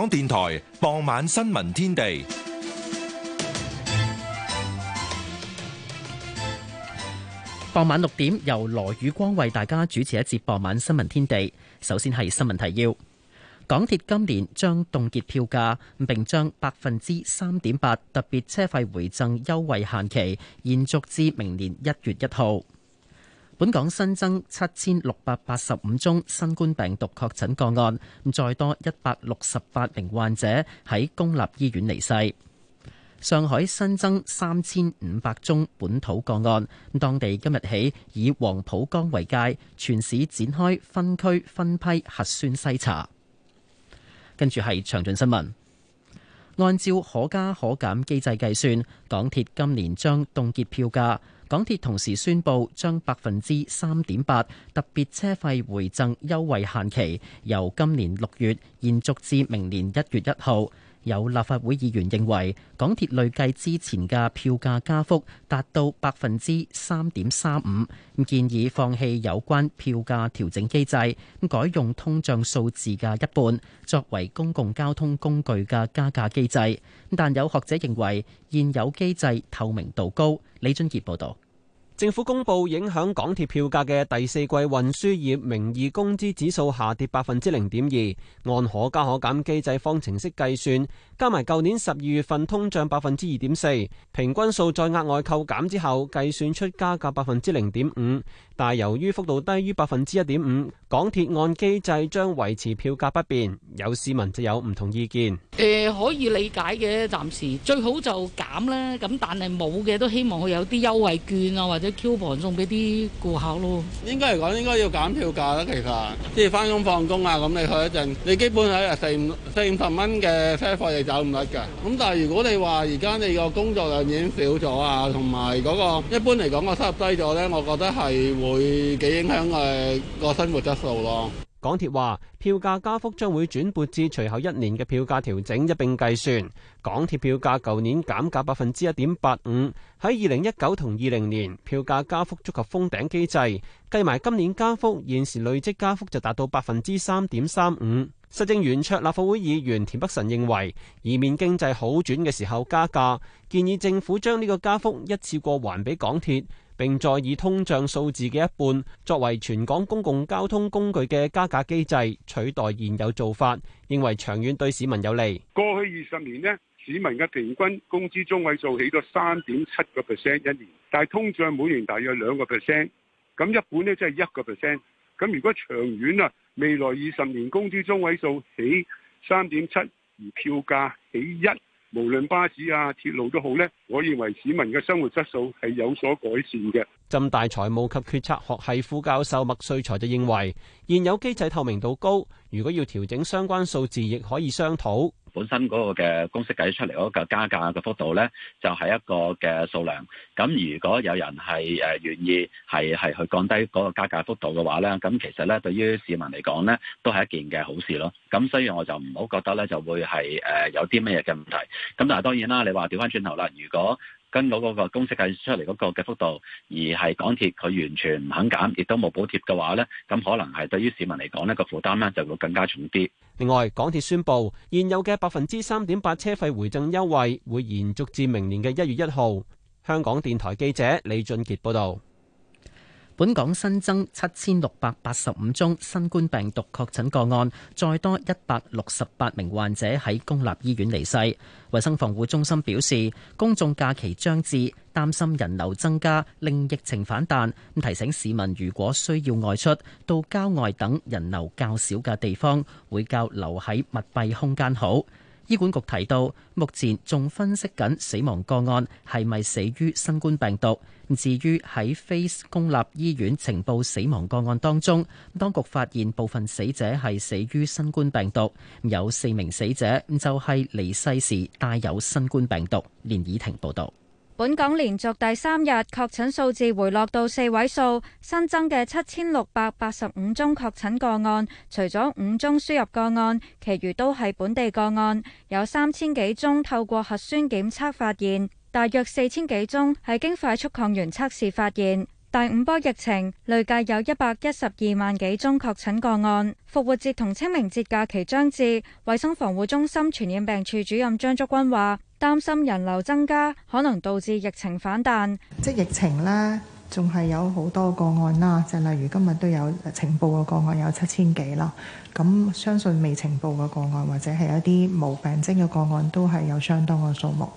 港電台傍晚新聞天地，傍晚六點由羅宇光為大家主持一節傍晚新聞天地。首先係新聞提要：港鐵今年將凍結票價，並將百分之三點八特別車費回贈優惠限期延續至明年一月一號。本港新增七千六百八十五宗新冠病毒確診個案，再多一百六十八名患者喺公立醫院離世。上海新增三千五百宗本土個案，當地今日起以黃浦江為界，全市展開分區分批核酸篩查。跟住係詳盡新聞，按照可加可減機制計算，港鐵今年將凍結票價。港鐵同時宣布將，將百分之三點八特別車費回贈優惠限期，由今年六月延續至明年一月一號。有立法會議員認為，港鐵累計之前嘅票價加幅達到百分之三點三五，建議放棄有關票價調整機制，改用通脹數字嘅一半作為公共交通工具嘅加價機制。但有學者認為，現有機制透明度高。李俊傑報導。政府公布影響港鐵票價嘅第四季運輸業名義工資指數下跌百分之零點二，按可加可減機制方程式計算，加埋舊年十二月份通脹百分之二點四，平均數再額外扣減之後，計算出加價百分之零點五。但由於幅度低於百分之一點五，港鐵按機制將維持票價不變，有市民就有唔同意見。誒、呃、可以理解嘅，暫時最好就減啦。咁但係冇嘅都希望佢有啲優惠券啊，或者 coupon 送俾啲顧客咯。應該嚟講應該要減票價啦。其實即係翻工放工啊，咁你去一陣，你基本係一日四五四五十蚊嘅車費你走唔甩㗎。咁但係如果你話而家你個工作量已經少咗啊，同埋嗰個一般嚟講個收入低咗咧，我覺得係。會幾影響誒個生活質素咯。港鐵話票價加幅將會轉撥至隨後一年嘅票價調整一並計算。港鐵票價舊年減價百分之一點八五，喺二零一九同二零年票價加幅觸及封頂機制，計埋今年加幅，現時累積加幅就達到百分之三點三五。實政圓桌立法會議員田北辰認為，以免經濟好轉嘅時候加價，建議政府將呢個加幅一次過還俾港鐵。並再以通脹數字嘅一半作為全港公共交通工具嘅加價機制取代現有做法，認為長遠對市民有利。過去二十年咧，市民嘅平均工資中位數起咗三點七個 percent 一年，但係通脹每年大約兩個 percent，咁一半呢，即係一個 percent。咁如果長遠啊，未來二十年工資中位數起三點七，而票價起一。無論巴士啊、鐵路都好呢，我認為市民嘅生活質素係有所改善嘅。浸大財務及決策學系副教授麥瑞才就認為，現有機制透明度高，如果要調整相關數字，亦可以商討。本身嗰個嘅公式計出嚟嗰個加價嘅幅度呢，就係一個嘅數量。咁如果有人係誒願意係係去降低嗰個加價幅度嘅話呢，咁其實呢，對於市民嚟講呢，都係一件嘅好事咯。咁所以我就唔好覺得呢就會係誒有啲咩嘢嘅問題。咁但係當然啦，你話調翻轉頭啦，如果跟到嗰個公式計出嚟嗰個嘅幅度，而係港鐵佢完全唔肯減，亦都冇補貼嘅話呢，咁可能係對於市民嚟講呢個負擔呢，就會更加重啲。另外，港鐵宣布現有嘅百分之三點八車費回贈優惠會延續至明年嘅一月一號。香港電台記者李俊傑報道。本港新增七千六百八十五宗新冠病毒確診個案，再多一百六十八名患者喺公立醫院離世。衞生防護中心表示，公眾假期將至，擔心人流增加令疫情反彈，咁提醒市民如果需要外出到郊外等人流較少嘅地方，會較留喺密閉空間好。醫管局提到，目前仲分析緊死亡個案係咪死於新冠病毒。至於喺非公立醫院呈報死亡個案當中，當局發現部分死者係死於新冠病毒，有四名死者就係離世時帶有新冠病毒。連以婷報道。本港連續第三日確診數字回落到四位數，新增嘅七千六百八十五宗確診個案，除咗五宗輸入個案，其餘都係本地個案，有三千幾宗透過核酸檢測發現，大約四千幾宗係經快速抗原測試發現。第五波疫情累計有一百一十二萬幾宗確診個案。復活節同清明節假期將至，衛生防護中心傳染病處主任張竹君話。擔心人流增加可能導致疫情反彈，即疫情呢，仲係有好多個案啦，就例如今日都有呈報，個個案有七千幾啦，咁相信未呈報嘅個案或者係一啲無病徵嘅個案都係有相當嘅數目。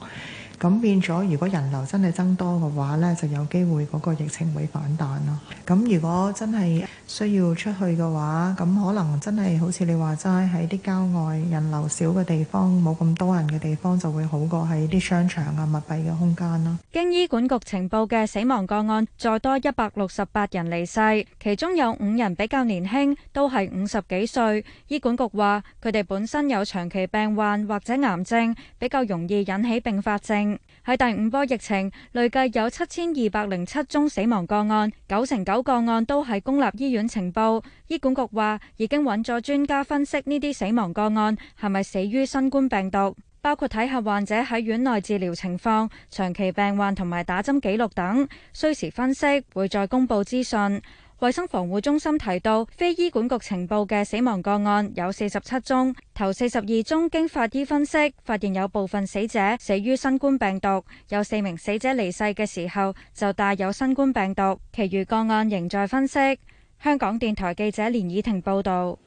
咁變咗，如果人流真係增多嘅話呢，就有機會嗰個疫情會反彈咯。咁如果真係需要出去嘅話，咁可能真係好似你話齋喺啲郊外人流少嘅地方，冇咁多人嘅地方就會好過喺啲商場啊，密閉嘅空間咯。經醫管局呈報嘅死亡個案再多一百六十八人離世，其中有五人比較年輕，都係五十幾歲。醫管局話佢哋本身有長期病患或者癌症，比較容易引起併發症。喺第五波疫情，累計有七千二百零七宗死亡個案，九成九個案都係公立醫院呈報。醫管局話已經揾咗專家分析呢啲死亡個案係咪死於新冠病毒，包括睇下患者喺院內治療情況，長期病患同埋打針記錄等，需時分析，會再公布資訊。衛生防護中心提到，非醫管局情報嘅死亡個案有四十七宗，頭四十二宗經法醫分析，發現有部分死者死於新冠病毒，有四名死者離世嘅時候就帶有新冠病毒，其餘個案仍在分析。香港電台記者連以婷報道。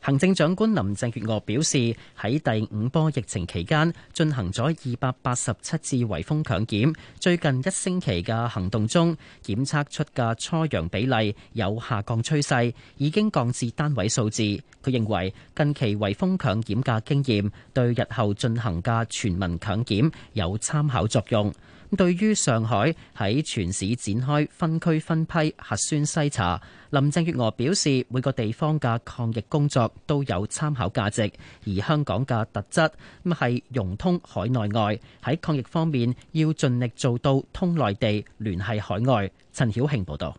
行政長官林鄭月娥表示，喺第五波疫情期間進行咗二百八十七次圍封強檢，最近一星期嘅行動中檢測出嘅初陽比例有下降趨勢，已經降至單位數字。佢認為近期圍封強檢嘅經驗對日後進行嘅全民強檢有參考作用。對於上海喺全市展開分區分批核酸篩查，林鄭月娥表示每個地方嘅抗疫工作都有參考價值，而香港嘅特質咁係融通海內外，喺抗疫方面要盡力做到通內地聯繫海外。陳曉慶報道：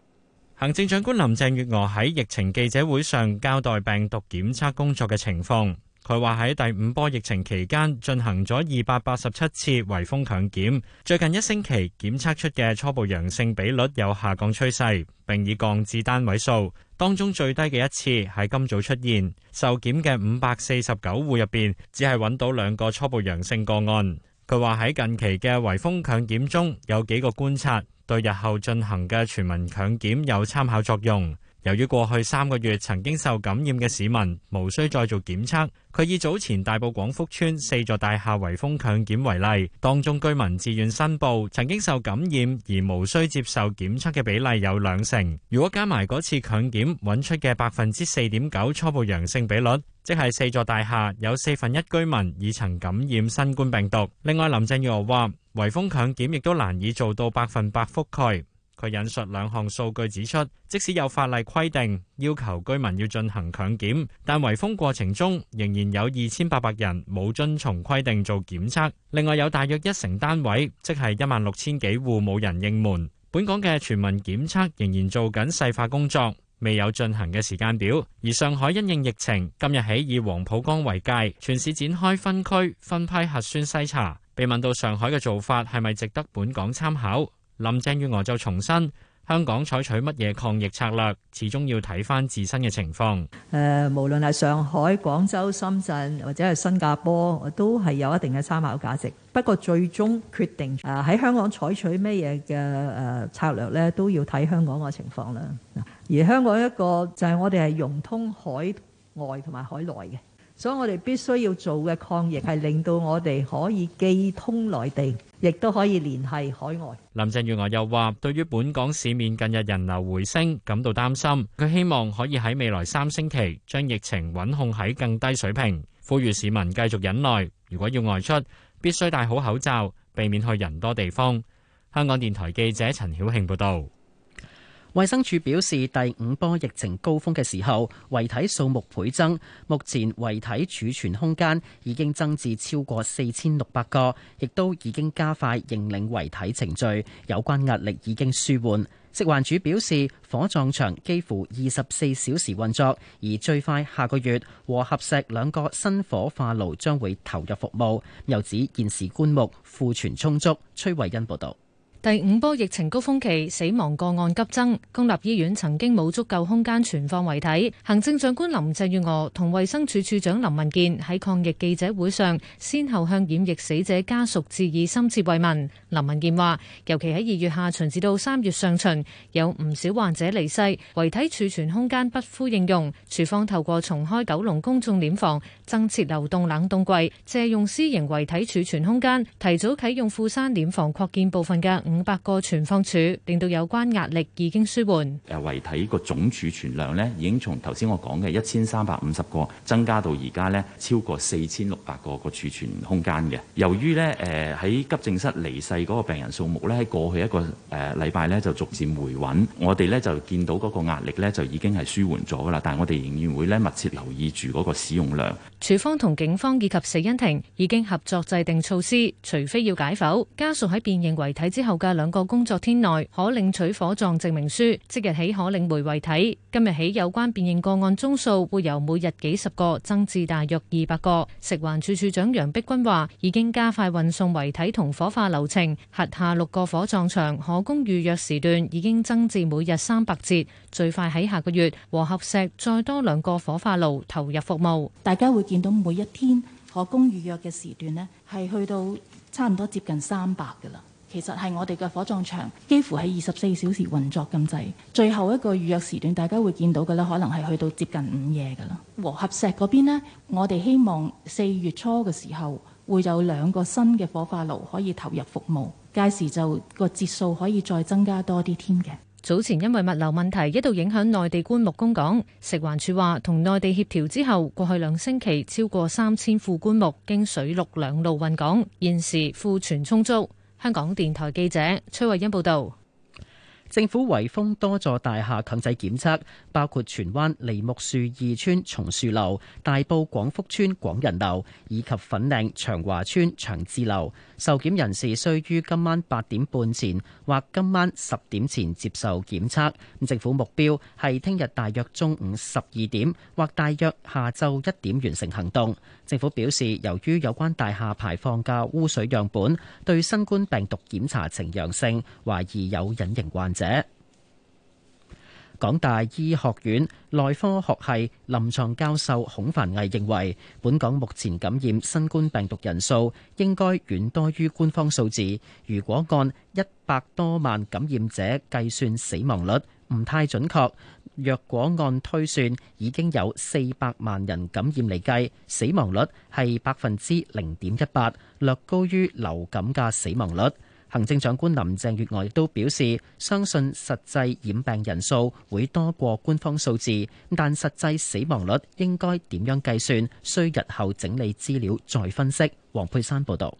行政長官林鄭月娥喺疫情記者會上交代病毒檢測工作嘅情況。佢話喺第五波疫情期間進行咗二百八十七次圍封強檢，最近一星期檢測出嘅初步陽性比率有下降趨勢，並已降至單位數。當中最低嘅一次喺今早出現，受檢嘅五百四十九戶入邊，只係揾到兩個初步陽性個案。佢話喺近期嘅圍封強檢中有幾個觀察，對日後進行嘅全民強檢有參考作用。由於過去三個月曾經受感染嘅市民無需再做檢測，佢以早前大埔廣福邨四座大廈圍封強檢為例，當中居民自願申報曾經受感染而無需接受檢測嘅比例有兩成。如果加埋嗰次強檢揾出嘅百分之四點九初步陽性比率，即係四座大廈有四分一居民已曾感染新冠病毒。另外，林鄭月娥話圍封強檢亦都難以做到百分百覆蓋。佢引述兩項數據指出，即使有法例規定要求居民要進行強檢，但圍封過程中仍然有二千八百人冇遵從規定做檢測，另外有大約一成單位，即係一萬六千幾戶冇人應門。本港嘅全民檢測仍然做緊細化工作，未有進行嘅時間表。而上海因應疫情，今日起以黃浦江為界，全市展開分區分批核酸篩查。被問到上海嘅做法係咪值得本港參考？林鄭月娥就重申，香港採取乜嘢抗疫策略，始終要睇翻自身嘅情況。誒、呃，無論係上海、廣州、深圳或者係新加坡，都係有一定嘅參考價值。不過最終決定誒喺、呃、香港採取乜嘢嘅誒策略咧，都要睇香港嘅情況啦。而香港一個就係我哋係融通海外同埋海內嘅。所以我哋必須要做嘅抗疫係令到我哋可以寄通內地，亦都可以聯繫海外。林鄭月娥又話，對於本港市面近日人流回升感到擔心，佢希望可以喺未來三星期將疫情穩控喺更低水平，呼籲市民繼續忍耐。如果要外出，必須戴好口罩，避免去人多地方。香港電台記者陳曉慶報道。衛生署表示，第五波疫情高峰嘅時候，遺體數目倍增，目前遺體儲存空間已經增至超過四千六百個，亦都已經加快認領遺體程序，有關壓力已經舒緩。食環署表示，火葬場幾乎二十四小時運作，而最快下個月和合石兩個新火化爐將會投入服務。又指現時棺木庫存充足。崔慧欣報道。第五波疫情高峰期，死亡個案急增，公立醫院曾經冇足夠空間存放遺體。行政長官林鄭月娥同衛生署署長林文健喺抗疫記者會上，先後向染疫死者家屬致以深切慰問，林文健話尤其喺二月下旬至到三月上旬，有唔少患者離世，遺體儲存空間不敷應用，署方透過重開九龍公眾殮房，增設流動冷凍櫃，借用私營遺體儲存空間，提早啟用富山殮房擴建部分嘅五百個存放處，令到有關壓力已經舒緩。誒，遺體個總儲存量咧，已經從頭先我講嘅一千三百五十個增加到而家咧超過四千六百個個儲存空間嘅。由於咧誒喺急症室離世嗰個病人數目咧，喺過去一個誒、呃、禮拜咧就逐漸回穩，我哋咧就見到嗰個壓力咧就已經係舒緩咗啦。但係我哋仍然會咧密切留意住嗰個使用量。處方同警方以及死因庭已經合作制定措施，除非要解剖，家屬喺辨認遺體之後。嘅兩個工作天內可領取火葬證明書，即日起可領回遺體。今日起有關辨認個案宗數會由每日幾十個增至大約二百個。食環署署長楊碧君話，已經加快運送遺體同火化流程，轄下六個火葬場可供預約時段已經增至每日三百節，最快喺下個月和合石再多兩個火化爐投入服務。大家會見到每一天可供預約嘅時段呢，係去到差唔多接近三百噶啦。其實係我哋嘅火葬場，幾乎喺二十四小時運作咁滯。最後一個預約時段，大家會見到嘅呢，可能係去到接近午夜㗎喇。和合石嗰邊呢，我哋希望四月初嘅時候會有兩個新嘅火化爐可以投入服務，屆時就個節數可以再增加多啲添嘅。早前因為物流問題一度影響內地棺木供港，食環署話同內地協調之後，過去兩星期超過三千副棺木經水陸兩路運港，現時庫存充足。香港電台記者崔慧欣報道，政府圍封多座大廈強制檢測，包括荃灣梨木樹二村松樹樓、大埔廣福村廣仁樓以及粉嶺長華村長治樓。受檢人士需於今晚八點半前或今晚十點前接受檢測。政府目標係聽日大約中午十二點或大約下晝一點完成行動。政府表示，由於有關大廈排放嘅污水樣本對新冠病毒檢查呈陽性，懷疑有隱形患者。港大醫學院內科學系臨床教授孔凡毅認為，本港目前感染新冠病毒人數應該遠多於官方數字。如果按一百多萬感染者計算死亡率，唔太準確。若果按推算，已經有四百萬人感染嚟計，死亡率係百分之零點一八，略高於流感嘅死亡率。行政長官林鄭月娥亦都表示，相信實際染病人數會多過官方數字，但實際死亡率應該點樣計算，需日後整理資料再分析。黃佩珊報導，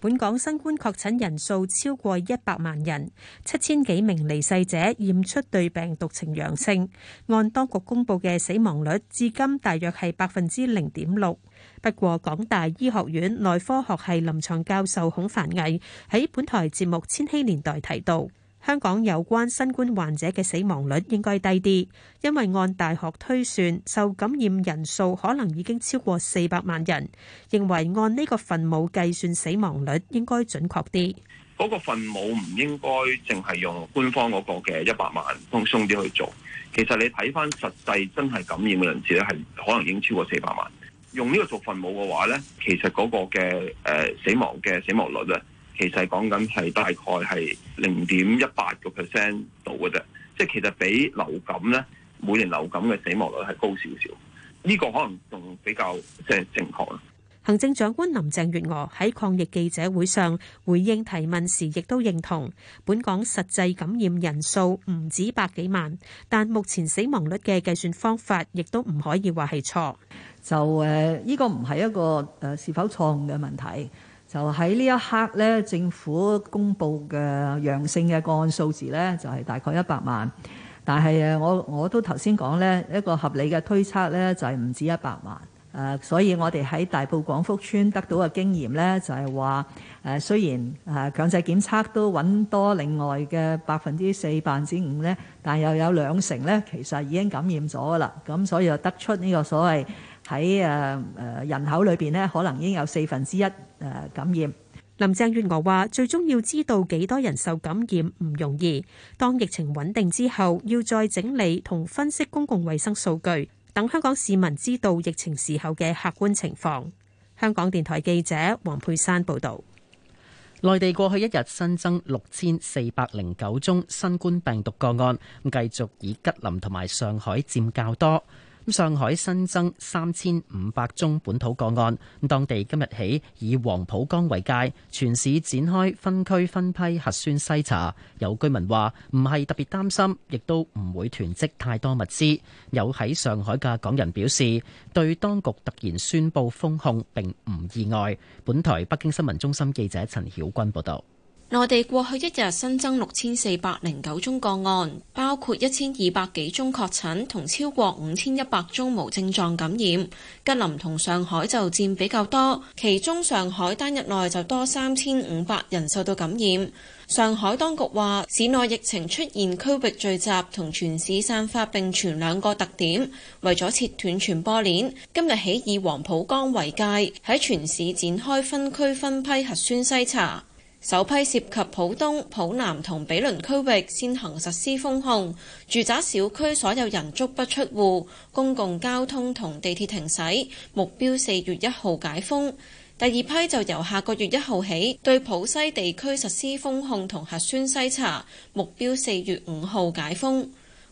本港新冠確診人數超過一百萬人，七千幾名離世者驗出對病毒呈陽性，按當局公佈嘅死亡率，至今大約係百分之零點六。不過，港大醫學院內科學系臨床教授孔凡毅喺本台節目《千禧年代》提到，香港有關新冠患者嘅死亡率應該低啲，因為按大學推算，受感染人數可能已經超過四百萬人，認為按呢個分母計算死亡率應該準確啲。嗰個分母唔應該淨係用官方嗰個嘅一百萬，放鬆啲去做。其實你睇翻實際真係感染嘅人士咧，係可能已經超過四百萬。用呢個做分母嘅話咧，其實嗰個嘅誒、呃、死亡嘅死亡率咧，其實講緊係大概係零點一八個 percent 度嘅啫，即係其實比流感咧每年流感嘅死亡率係高少少，呢、呢個可能仲比較即係正確啦。行政長官林鄭月娥喺抗疫記者會上回應提問時，亦都認同本港實際感染人數唔止百幾萬，但目前死亡率嘅計算方法亦都唔可以話係錯。就誒，呢個唔係一個誒是否錯誤嘅問題。就喺呢一刻咧，政府公布嘅陽性嘅個案數字呢，就係大概一百萬。但係誒，我我都頭先講呢一個合理嘅推測呢，就係唔止一百萬。誒，所以我哋喺大埔廣福村得到嘅經驗呢，就係話誒，雖然誒強制檢測都揾多另外嘅百分之四、百分之五咧，但又有兩成呢，其實已經感染咗啦。咁所以就得出呢個所謂喺誒誒人口裏邊呢，可能已經有四分之一誒感染。林鄭月娥話：最終要知道幾多人受感染唔容易，當疫情穩定之後，要再整理同分析公共衛生數據。等香港市民知道疫情時候嘅客觀情況。香港電台記者黃佩珊報道，內地過去一日新增六千四百零九宗新冠病毒個案，繼續以吉林同埋上海佔較多。上海新增三千五百宗本土個案，當地今日起以黃浦江為界，全市展開分區分批核酸篩查。有居民話唔係特別擔心，亦都唔會囤積太多物資。有喺上海嘅港人表示，對當局突然宣布封控並唔意外。本台北京新聞中心記者陳曉君報道。內地過去一日新增六千四百零九宗個案，包括一千二百幾宗確診同超過五千一百宗無症狀感染。吉林同上海就佔比較多，其中上海單日內就多三千五百人受到感染。上海當局話，市內疫情出現區域聚集同全市散發並存兩個特點，為咗切斷傳播鏈，今日起以黃浦江為界，喺全市展開分區分批核酸篩查。首批涉及浦東、浦南同毗鄰區域先行實施封控，住宅小區所有人足不出戶，公共交通同地鐵停駛，目標四月一號解封。第二批就由下個月一號起對浦西地區實施封控同核酸篩查，目標四月五號解封。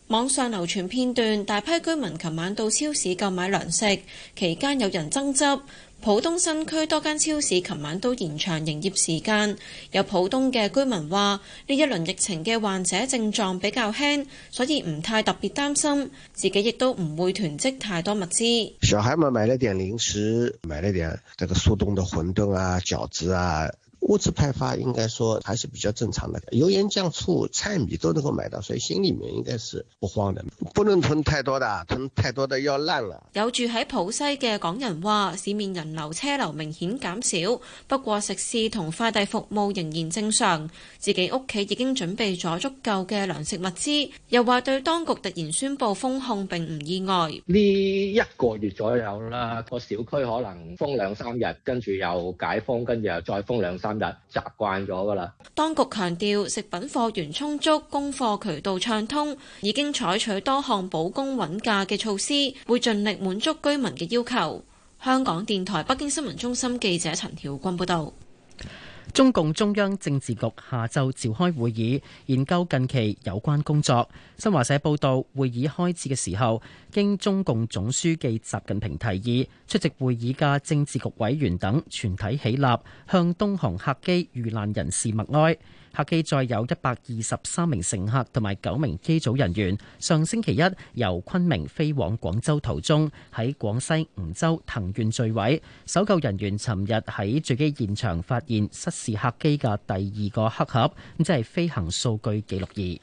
網上流傳片段，大批居民琴晚到超市購買糧食，期間有人爭執。浦東新區多間超市琴晚都延長營業時間。有浦東嘅居民話：呢一輪疫情嘅患者症狀比較輕，所以唔太特別擔心，自己亦都唔會囤積太多物資。小孩們買了點零食，買了點這個速凍的餛飩啊、餃子啊。物資派發應該說還是比較正常的，油鹽醬醋、菜米都能夠買到，所以心裏面應該是不慌的。不能囤太多的，囤太多的要爛了。有住喺浦西嘅港人話，市面人流車流明顯減少，不過食肆同快遞服務仍然正常。自己屋企已經準備咗足夠嘅糧食物資，又話對當局突然宣布封控並唔意外。呢一個月左右啦，個小區可能封兩三日，跟住又解封，跟住又再封兩三。習慣咗㗎啦。當局強調，食品貨源充足，供貨渠道暢通，已經採取多項保供穩價嘅措施，會盡力滿足居民嘅要求。香港電台北京新聞中心記者陳曉君報導。中共中央政治局下晝召開會議，研究近期有關工作。新華社報道，會議開始嘅時候，經中共總書記習近平提議，出席會議嘅政治局委員等全體起立，向東航客機遇難人士默哀。客機載有一百二十三名乘客同埋九名機組人員，上星期一由昆明飛往廣州途中，喺廣西梧州藤縣墜毀。搜救人員尋日喺墜機現場發現失事客機嘅第二個黑盒，即係飛行數據記錄儀。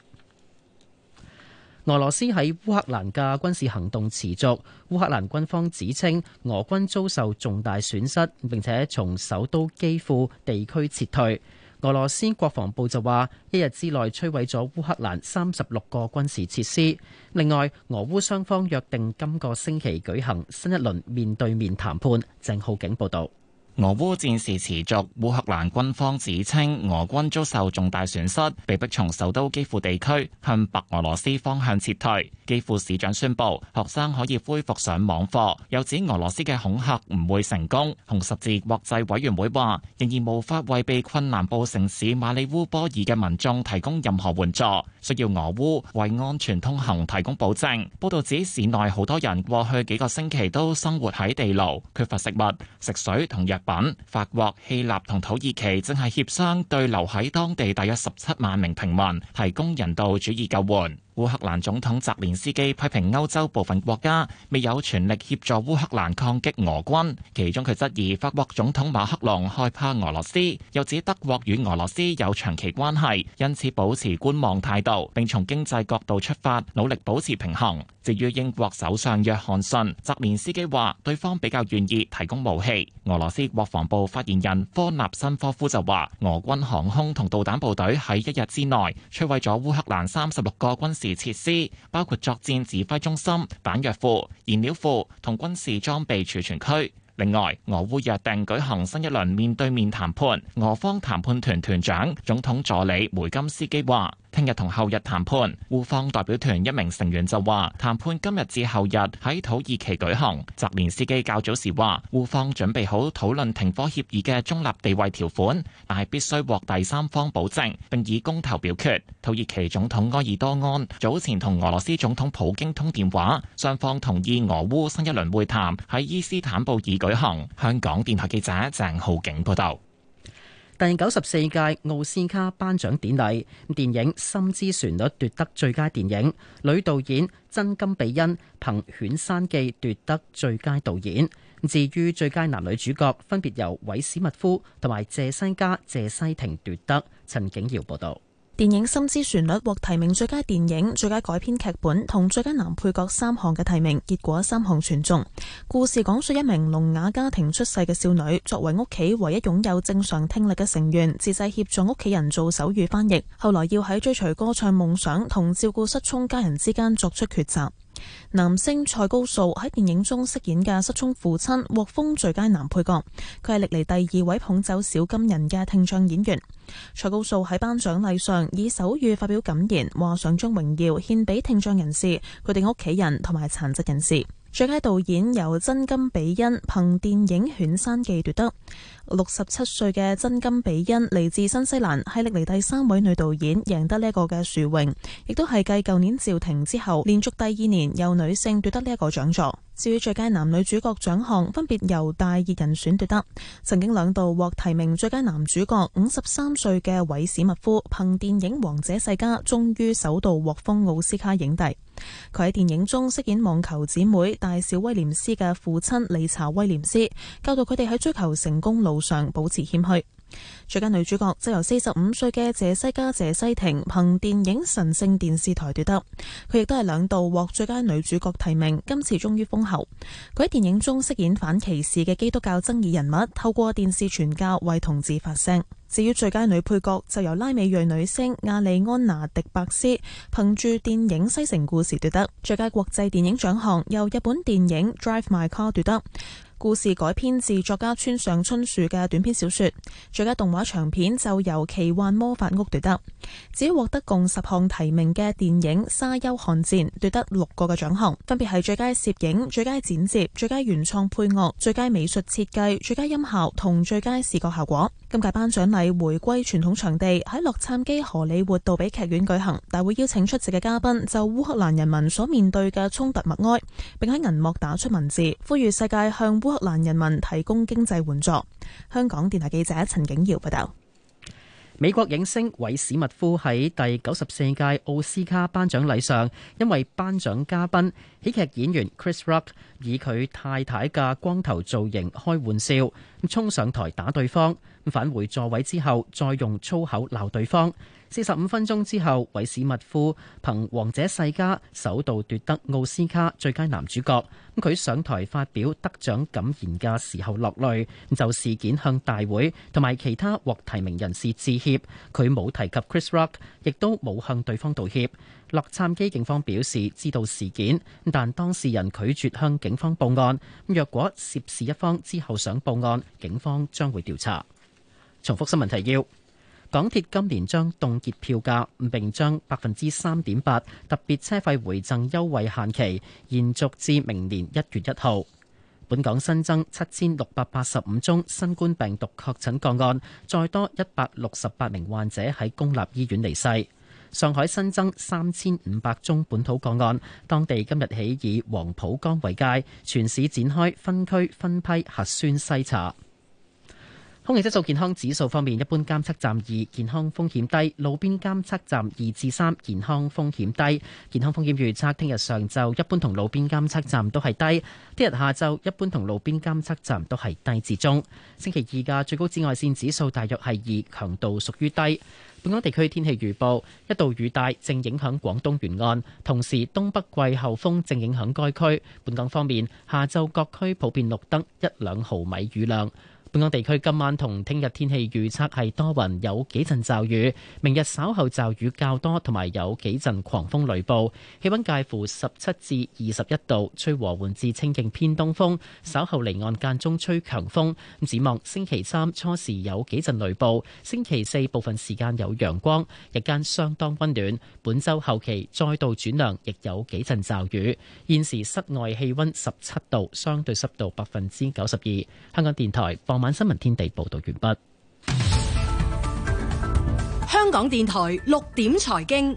俄羅斯喺烏克蘭嘅軍事行動持續，烏克蘭軍方指稱俄軍遭受重大損失，並且從首都基輔地區撤退。俄羅斯國防部就話，一日之內摧毀咗烏克蘭三十六個軍事設施。另外，俄烏雙方約定今個星期舉行新一輪面對面談判。鄭浩景報道。俄烏戰事持續，烏克蘭軍方指稱俄軍遭受重大損失，被迫從首都基輔地區向白俄羅斯方向撤退。基輔市長宣布學生可以恢復上網課，又指俄羅斯嘅恐嚇唔會成功。紅十字國際委員會話，仍然無法為被困南部城市馬里烏波爾嘅民眾提供任何援助，需要俄烏為安全通行提供保證。報導指市內好多人過去幾個星期都生活喺地牢，缺乏食物、食水同藥品，法國希臘同土耳其正係協商，對留喺當地大約十七萬名平民提供人道主義救援。烏克蘭總統澤連斯基批評歐洲部分國家未有全力協助烏克蘭抗擊俄軍，其中佢質疑法國總統馬克龍害怕俄羅斯，又指德國與俄羅斯有長期關係，因此保持觀望態度，並從經濟角度出發努力保持平衡。至於英國首相約翰遜，澤連斯基話對方比較願意提供武器。俄羅斯國防部發言人科納申科夫就話，俄軍航空同導彈部隊喺一日之內摧毀咗烏克蘭三十六個軍事設施包括作戰指揮中心、彈藥庫、燃料庫同軍事裝備儲存區。另外，俄烏約定舉行新一輪面對面談判。俄方談判團團長、總統助理梅金斯基話。聽日同後日談判，烏方代表團一名成員就話，談判今日至後日喺土耳其舉行。澤連斯基較早時話，烏方準備好討論停火協議嘅中立地位條款，但係必須獲第三方保證並以公投表決。土耳其總統埃爾多安早前同俄羅斯總統普京通電話，雙方同意俄烏新一輪會談喺伊斯坦布爾舉行。香港電台記者鄭浩景報道。第九十四屆奧斯卡頒獎典禮，電影《心之旋律》奪得最佳電影，女導演真金比恩憑《犬山記》奪得最佳導演。至於最佳男女主角，分別由韋史密夫同埋謝西家、謝西婷奪得。陳景瑤報道。電影《心之旋律》獲提名最佳電影、最佳改編劇本同最佳男配角三項嘅提名，結果三項全中。故事講述一名聾啞家庭出世嘅少女，作為屋企唯一擁有正常聽力嘅成員，自細協助屋企人做手語翻譯，後來要喺追隨歌唱夢想同照顧失聰家人之間作出抉擇。男星蔡高素喺電影中飾演嘅失聰父親獲封最佳男配角，佢係歷嚟第二位捧走小金人嘅聽障演員。蔡高素喺頒獎禮上以手語發表感言，話想將榮耀獻俾聽障人士、佢哋屋企人同埋殘疾人士。最佳導演由真金比恩憑電影《犬山記》奪得。六十七歲嘅真金比恩嚟自新西蘭，係歷嚟第三位女導演贏得呢一個嘅殊榮，亦都係繼舊年趙婷之後，連續第二年由女性奪得呢一個獎座。至於最佳男女主角獎項，分別由大熱人選奪得。曾經兩度獲提名最佳男主角，五十三歲嘅韋史密夫憑電影《王者世家》終於首度獲封奧斯卡影帝。佢喺電影中飾演網球姊妹大、小威廉斯嘅父親理查威廉斯，教導佢哋喺追求成功路上上保持謙虛。最佳女主角就由四十五歲嘅謝西嘉謝西婷憑電影神聖電視台奪得，佢亦都係兩度獲最佳女主角提名，今次終於封喉。佢喺電影中飾演反歧視嘅基督教爭議人物，透過電視傳教為同志發聲。至於最佳女配角就由拉美裔女星亞利安娜·迪伯斯憑住電影西城故事奪得。最佳國際電影獎項由日本電影 Drive My Car 奪得。故事改編自作家村上春樹嘅短篇小說，最佳動畫長片就由《奇幻魔法屋》奪得。至於獲得共十項提名嘅電影《沙丘寒戰》，奪得六個嘅獎項，分別係最佳攝影、最佳剪接、最佳原創配樂、最佳美術設計、最佳音效同最佳視覺效果。今屆頒獎禮回歸傳統場地喺洛杉磯荷里活杜比劇院舉行。大會邀請出席嘅嘉賓就烏克蘭人民所面對嘅衝突默哀，並喺銀幕打出文字，呼籲世界向烏克蘭人民提供經濟援助。香港電台記者陳景堯報道。美國影星韋史密夫喺第九十四屆奧斯卡頒獎禮上，因為頒獎嘉賓喜劇演員 Chris Rock 以佢太太嘅光頭造型開玩笑，咁衝上台打對方。返回座位之後，再用粗口鬧對方。四十五分鐘之後，韋史密夫憑《王者世家》首度奪得奧斯卡最佳男主角。佢上台發表得獎感言嘅時候落淚，就事件向大會同埋其他獲提名人士致歉。佢冇提及 Chris Rock，亦都冇向對方道歉。洛杉磯警方表示知道事件，但當事人拒絕向警方報案。若果涉事一方之後想報案，警方將會調查。重複新聞提要：港鐵今年將凍結票價，並將百分之三點八特別車費回贈優惠限期延續至明年一月一號。本港新增七千六百八十五宗新冠病毒確診個案，再多一百六十八名患者喺公立醫院離世。上海新增三千五百宗本土個案，當地今日起以黃浦江為界，全市展開分區分批核酸篩查。空氣質素健康指數方面，一般監測站二，健康風險低；路邊監測站二至三，健康風險低。健康風險預測，聽日上晝一般同路邊監測站都係低；聽日下晝一般同路邊監測站都係低至中。星期二嘅最高紫外線指數大約係二，強度屬於低。本港地區天氣預報，一道雨帶正影響廣東沿岸，同時東北季候風正影響該區。本港方面，下晝各區普遍錄得一兩毫米雨量。本港地區今晚同聽日天氣預測係多雲有幾陣驟雨。明日稍後驟雨較多，同埋有幾陣狂風雷暴。氣溫介乎十七至二十一度，吹和緩至清勁偏東風，稍後離岸間中吹強風，咁展望星期三初時有幾陣雷暴，星期四部分時間有陽光，日間相當溫暖。本周後期再度轉涼亦有幾陣驟雨。現時室外氣溫十七度，相對濕度百分之九十二。香港電台報。晚新聞天地報道完畢。香港電台六點財經，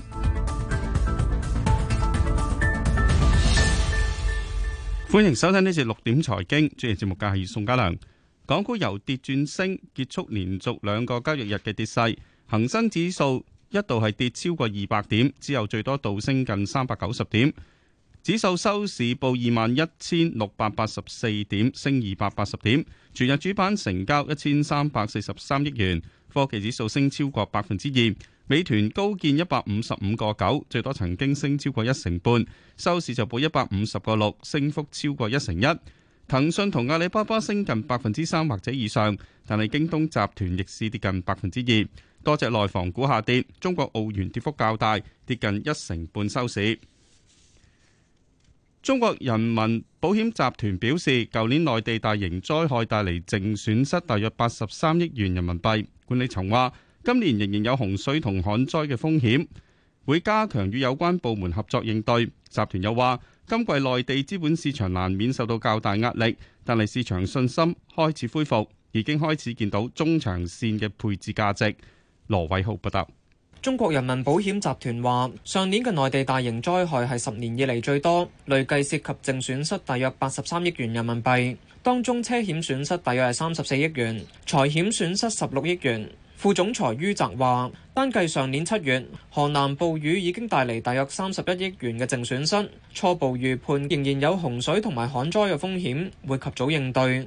歡迎收聽呢次六點財經。主持節目嘅係宋家良。港股由跌轉升，結束連續兩個交易日嘅跌勢。恒生指數一度係跌超過二百點，之後最多倒升近三百九十點。指數收市報二萬一千六百八十四點，升二百八十點。全日主板成交一千三百四十三億元，科技指數升超過百分之二。美團高見一百五十五個九，最多曾經升超過一成半，收市就報一百五十個六，升幅超過一成一。騰訊同阿里巴巴升近百分之三或者以上，但係京東集團逆市跌近百分之二。多隻內房股下跌，中國奧園跌幅較大，跌近一成半收市。中國人民保險集團表示，舊年內地大型災害帶嚟淨損失大約八十三億元人民幣，管理層話今年仍然有洪水同旱災嘅風險，會加強與有關部門合作應對，集團又話今季內地資本市場難免受到較大壓力，但係市場信心開始恢復，已經開始見到中長線嘅配置價值。羅偉浩報道。中國人民保險集團話，上年嘅內地大型災害係十年以嚟最多，累計涉及淨損失大約八十三億元人民幣，當中車險損失大約係三十四億元，財險損失十六億元。副總裁于澤話，單計上年七月，河南暴雨已經帶嚟大約三十一億元嘅淨損失，初步預判仍然有洪水同埋旱災嘅風險，會及早應對。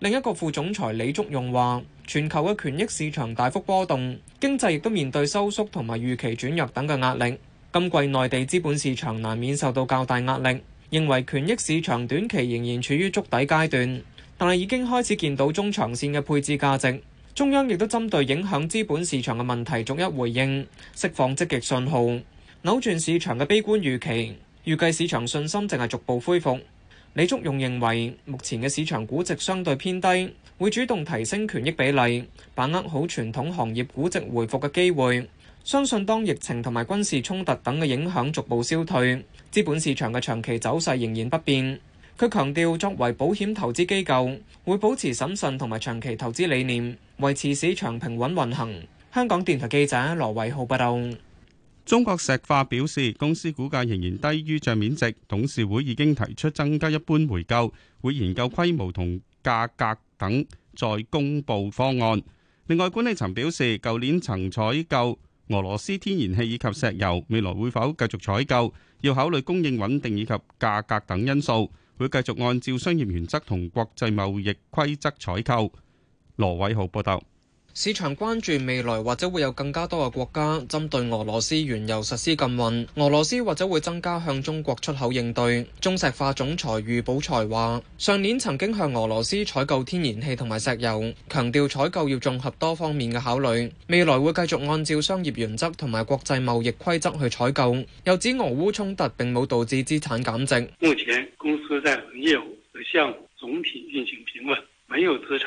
另一個副總裁李竹用話：全球嘅權益市場大幅波動，經濟亦都面對收縮同埋預期轉弱等嘅壓力。今季內地資本市場難免受到較大壓力，認為權益市場短期仍然處於築底階段，但係已經開始見到中長線嘅配置價值。中央亦都針對影響資本市場嘅問題逐一回應，釋放積極信號，扭轉市場嘅悲觀預期，預計市場信心正係逐步恢復。李竹容認為目前嘅市場估值相對偏低，會主動提升權益比例，把握好傳統行業估值回復嘅機會，相信當疫情同埋軍事衝突等嘅影響逐步消退，資本市場嘅長期走勢仍然不變，佢強調作為保險投資機構會保持審慎同埋長期投資理念，維持市場平穩運行。香港電台記者羅偉浩報導。中國石化表示，公司股價仍然低於賬面值，董事會已經提出增加一般回購，會研究規模同價格等，再公佈方案。另外，管理層表示，舊年曾採購俄羅斯天然氣以及石油，未來會否繼續採購，要考慮供應穩定以及價格等因素，會繼續按照商業原則同國際貿易規則採購。羅偉豪報道。市場關注未來或者會有更加多嘅國家針對俄羅斯原油實施禁運，俄羅斯或者會增加向中國出口應對。中石化總裁俞寶才話：上年曾經向俄羅斯採購天然氣同埋石油，強調採購要綜合多方面嘅考慮，未來會繼續按照商業原則同埋國際貿易規則去採購。又指俄烏衝突並冇導致資產減值，目前公司在業務和項目總體運行平穩，沒有資產。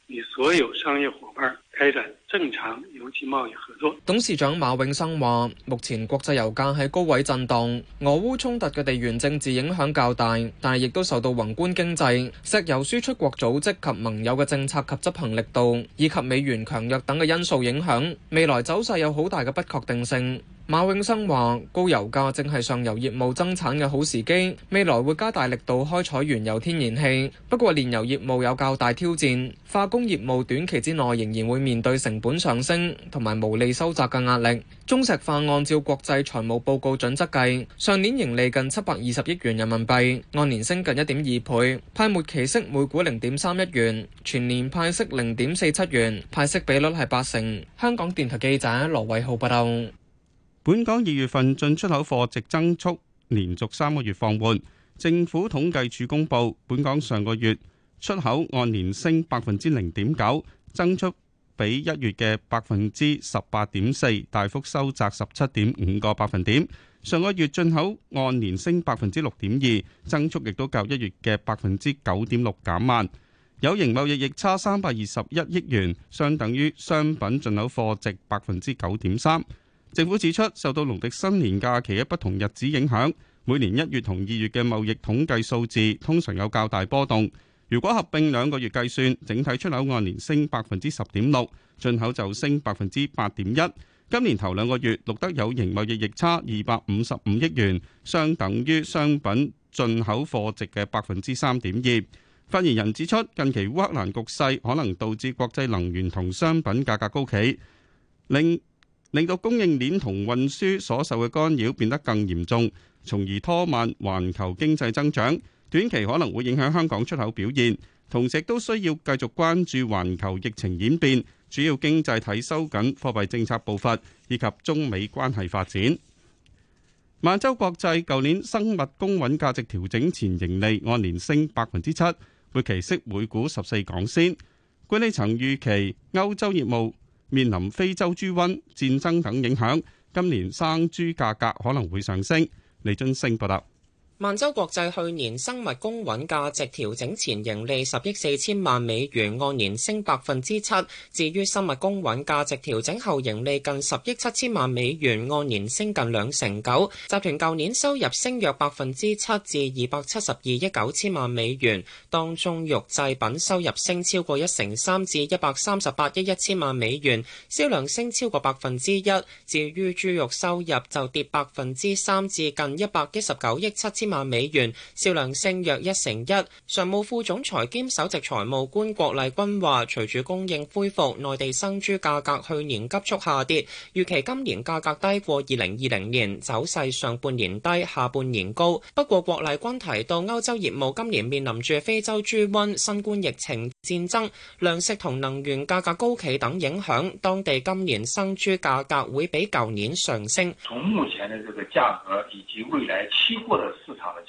與所有商業伙伴開展正常油氣貿易合作。董事長馬永生話，目前國際油價喺高位震盪，俄烏衝突嘅地緣政治影響較大，但係亦都受到宏觀經濟、石油輸出國組織及盟友嘅政策及執行力度，以及美元強弱等嘅因素影響，未來走勢有好大嘅不確定性。馬永生話：高油價正係上游業務增產嘅好時機，未來會加大力度開採原油、天然氣。不過，煉油業務有較大挑戰，化工業務短期之內仍然會面對成本上升同埋無利收窄嘅壓力。中石化按照國際財務報告準則計，上年盈利近七百二十億元人民幣，按年升近一點二倍，派末期息每股零點三一元，全年派息零點四七元，派息比率係八成。香港電台記者羅偉浩報道。本港二月份進出口貨值增速連續三個月放緩。政府統計處公布，本港上個月出口按年升百分之零點九，增速比一月嘅百分之十八點四大幅收窄十七點五個百分點。上個月進口按年升百分之六點二，增速亦都較一月嘅百分之九點六減慢。有形貿易逆差三百二十一億元，相等於商品進口貨值百分之九點三。政府指出，受到農曆新年假期嘅不同日子影響，每年一月同二月嘅貿易統計數字通常有較大波動。如果合併兩個月計算，整體出口按年升百分之十點六，進口就升百分之八點一。今年頭兩個月錄得有形貿易逆差二百五十五億元，相等於商品進口貨值嘅百分之三點二。發言人指出，近期烏克蘭局勢可能導致國際能源同商品價格高企，令令到供應鏈同運輸所受嘅干擾變得更嚴重，從而拖慢環球經濟增長。短期可能會影響香港出口表現，同時都需要繼續關注環球疫情演變、主要經濟體收緊貨幣政策步伐以及中美關係發展。萬洲國際舊年生物公允價值調整前盈利按年升百分之七，末期息每股十四港仙。管理層預期歐洲業務面臨非洲豬瘟、戰爭等影響，今年生豬價格可能會上升。李俊勝報道。萬洲國際去年生物公允價值調整前盈利十億四千萬美元，按年升百分之七。至於生物公允價值調整後盈利近十億七千萬美元，按年升近兩成九。集團舊年收入升約百分之七，至二百七十二億九千萬美元，當中肉製品收入升超過一成三，至一百三十八億一千萬美元，銷量升超過百分之一。至於豬肉收入就跌百分之三，至近一百一十九億七千萬美元，銷量升約一成一。常務副總裁兼首席財務官郭麗君話，隨住供應恢復，內地生豬價格去年急速下跌，預期今年價格低過二零二零年，走勢上半年低，下半年高。不過，郭麗君提到，歐洲業務今年面臨住非洲豬瘟、新冠疫情、戰爭、糧食同能源價格高企等影響，當地今年生豬價格會比舊年上升。從目前嘅這個價格以及未來期貨的。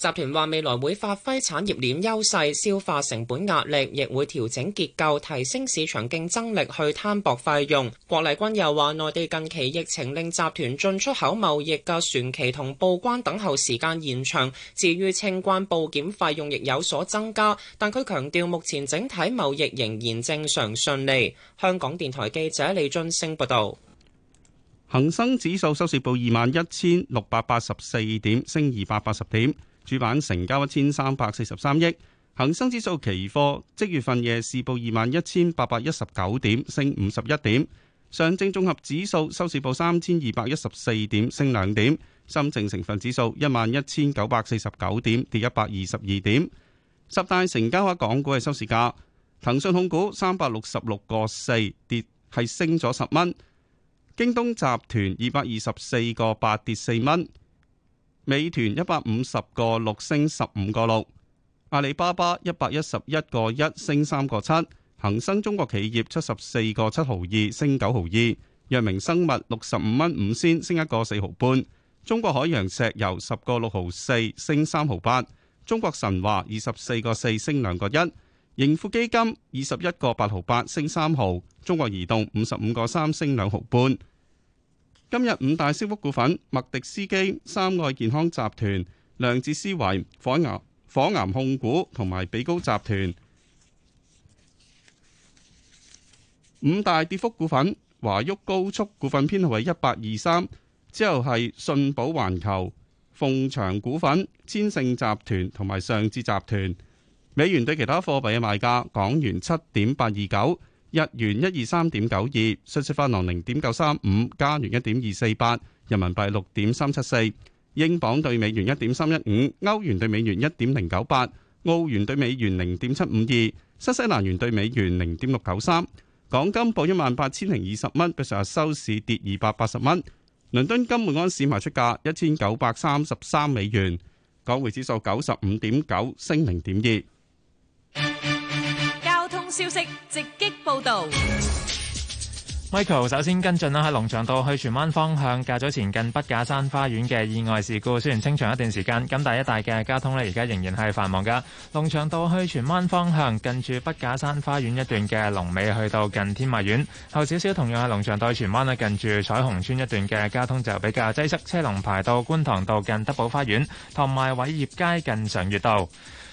集團話未來會發揮產業鏈優勢，消化成本壓力，亦會調整結構，提升市場競爭力，去攤薄費用。郭麗君又話：內地近期疫情令集團進出口貿易嘅船期同報關等候時間延長，至於清關報檢費用亦有所增加。但佢強調，目前整體貿易仍然正常順利。香港電台記者李津星報道。恒生指數收市報二萬一千六百八十四點，升二百八十點。主板成交一千三百四十三億，恒生指數期貨即月份夜市報二萬一千八百一十九點，升五十一點。上證綜合指數收市報三千二百一十四點，升兩點。深證成分指數一萬一千九百四十九點，跌一百二十二點。十大成交額港股嘅收市價，騰訊控股三百六十六個四跌係升咗十蚊，京東集團二百二十四個八跌四蚊。美團一百五十個六升十五個六，阿里巴巴一百一十一個一升三個七，恒生中國企業七十四個七毫二升九毫二，藥明生物六十五蚊五仙升一個四毫半，中國海洋石油十個六毫四升三毫八，中國神華二十四個四升兩個一，盈富基金二十一個八毫八升三毫，中國移動五十五個三升兩毫半。今日五大升幅股份：麥迪斯基、三愛健康集團、量子思維、火岩、火岩控股同埋比高集團。五大跌幅股份：華昱高速股份編號為一八二三，之後係信保環球、鳳翔股份、千盛集團同埋上智集團。美元兌其他貨幣嘅賣價：港元七點八二九。日元一二三點九二，瑞士法郎零點九三五，加元一點二四八，人民幣六點三七四，英鎊兌美元一點三一五，歐元兌美元一點零九八，澳元兌美元零點七五二，新西蘭元兌美元零點六九三。港金報一萬八千零二十蚊，比上日收市跌二百八十蚊。倫敦金每安士賣出價一千九百三十三美元，港匯指數九十五點九升零點二。消息直擊報道，Michael 首先跟進啦，喺龍翔道去荃灣方向，較早前近筆架山花園嘅意外事故，雖然清場一段時間，咁但一帶嘅交通呢而家仍然係繁忙㗎。龍翔道去荃灣方向，近住筆架山花園一段嘅龍尾去到近天馬苑，後少少同樣喺龍翔道荃灣咧，近住彩虹村一段嘅交通就比較擠塞，車龍排到觀塘道近德寶花園同埋偉業街近常悅道。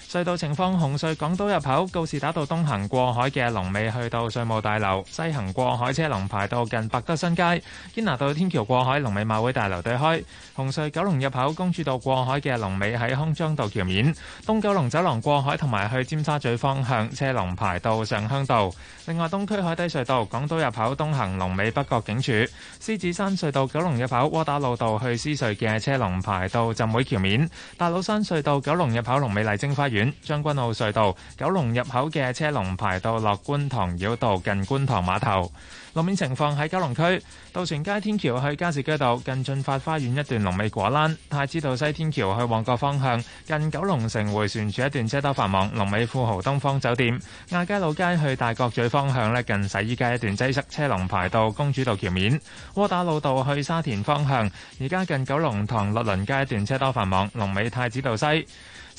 隧道情況：紅隧港島入口告士打道東行過海嘅龍尾去到稅務大樓，西行過海車龍排到近百德新街。堅拿道天橋過海龍尾馬會大樓對開。紅隧九龍入口公主道過海嘅龍尾喺康莊道橋面。東九龍走廊過海同埋去尖沙咀方向車龍排到上鄉道。另外，東區海底隧道港島入口東行龍尾北角警署。獅子山隧道九龍入口窩打老道去獅隧嘅車龍排到浸會橋面。大老山隧道九龍入口龍尾麗晶花園。將軍澳隧道九龍入口嘅車龍排到落觀塘繞道近觀塘碼頭。路面情況喺九龍區，渡船街天橋去加士居道近駿發花園一段龍尾果欄。太子道西天橋去旺角方向近九龍城迴旋處一段車多繁忙，龍尾富豪東方酒店。亞皆老街去大角咀方向咧，近洗衣街一段擠塞，車龍排到公主道橋面。窩打老道去沙田方向而家近九龍塘律倫街一段車多繁忙，龍尾太子道西。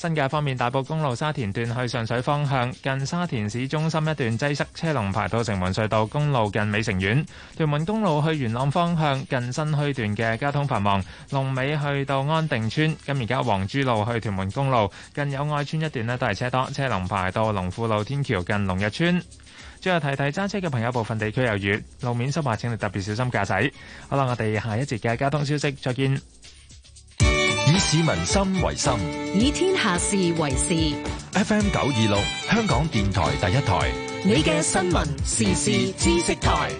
新界方面，大埔公路沙田段去上水方向，近沙田市中心一段擠塞，車龍排到城門隧道公路近美城苑；屯門公路去元朗方向，近新墟段嘅交通繁忙，龍尾去到安定村。咁而家皇珠路去屯門公路，近友愛村一段呢都係車多，車龍排到龍富路天橋近龍日村。最後提提揸車嘅朋友，部分地區有雨，路面濕滑，請你特別小心駕駛。好啦，我哋下一節嘅交通消息，再見。以民心為心，以天下事為事。FM 九二六，香港電台第一台。你嘅新聞時事知識台。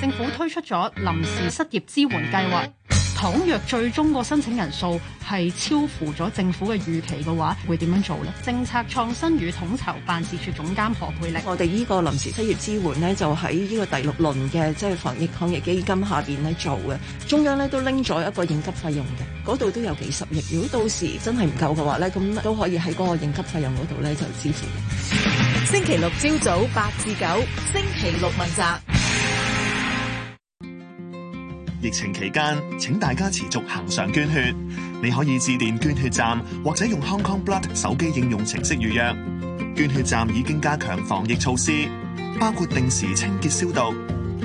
政府推出咗臨時失業支援計劃。倘若最終個申請人數係超乎咗政府嘅預期嘅話，會點樣做咧？政策創新與統籌辦事處總監何佩玲，我哋呢個臨時失業支援咧，就喺呢個第六輪嘅即係防疫抗疫基金下邊咧做嘅。中央咧都拎咗一個應急費用嘅，嗰度都有幾十億。如果到時真係唔夠嘅話咧，咁都可以喺嗰個應急費用嗰度咧就支持。星期六朝早八至九，9，星期六問責。疫情期間，請大家持續行善捐血。你可以致電捐血站，或者用 Hong Kong Blood 手機應用程式預約。捐血站已經加強防疫措施，包括定時清潔消毒，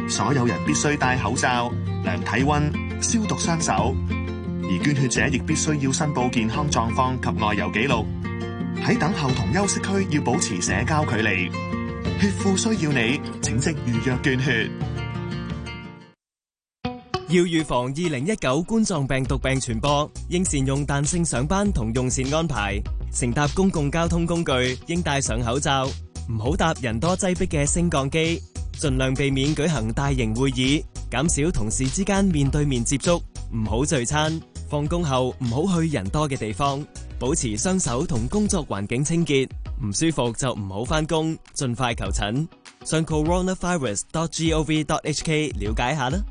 所有人必須戴口罩、量體溫、消毒雙手。而捐血者亦必須要申報健康狀況及外遊記錄。喺等候同休息區要保持社交距離。血庫需要你，請即預約捐血。要預防二零一九冠狀病毒病傳播，應善用彈性上班同用膳安排。乘搭公共交通工具應戴上口罩，唔好搭人多擠迫嘅升降機。盡量避免舉行大型會議，減少同事之間面對面接觸。唔好聚餐，放工後唔好去人多嘅地方。保持雙手同工作環境清潔。唔舒服就唔好返工，盡快求診。上 coronavirus.gov.hk 了解下啦。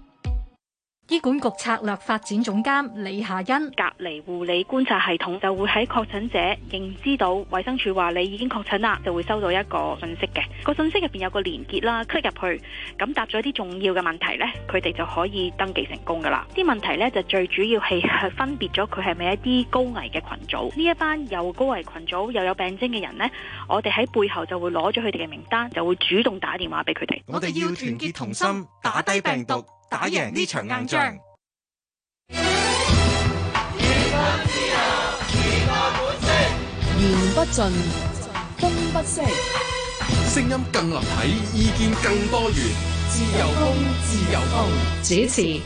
醫管局策略發展總監李夏欣，隔離護理觀察系統就會喺確診者認知到衛生署話你已經確診啦，就會收到一個信息嘅個信息入邊有個連結啦，click 入去，咁答咗啲重要嘅問題呢，佢哋就可以登記成功噶啦。啲問題呢，就最主要係分別咗佢係咪一啲高危嘅群組呢，一班又高危群組又有病徵嘅人呢，我哋喺背後就會攞咗佢哋嘅名單，就會主動打電話俾佢哋。我哋要團結同心，打低病毒。打贏呢場硬仗，言不盡，風不息，聲音更立體，意見更多元，自由風，自由風，主持。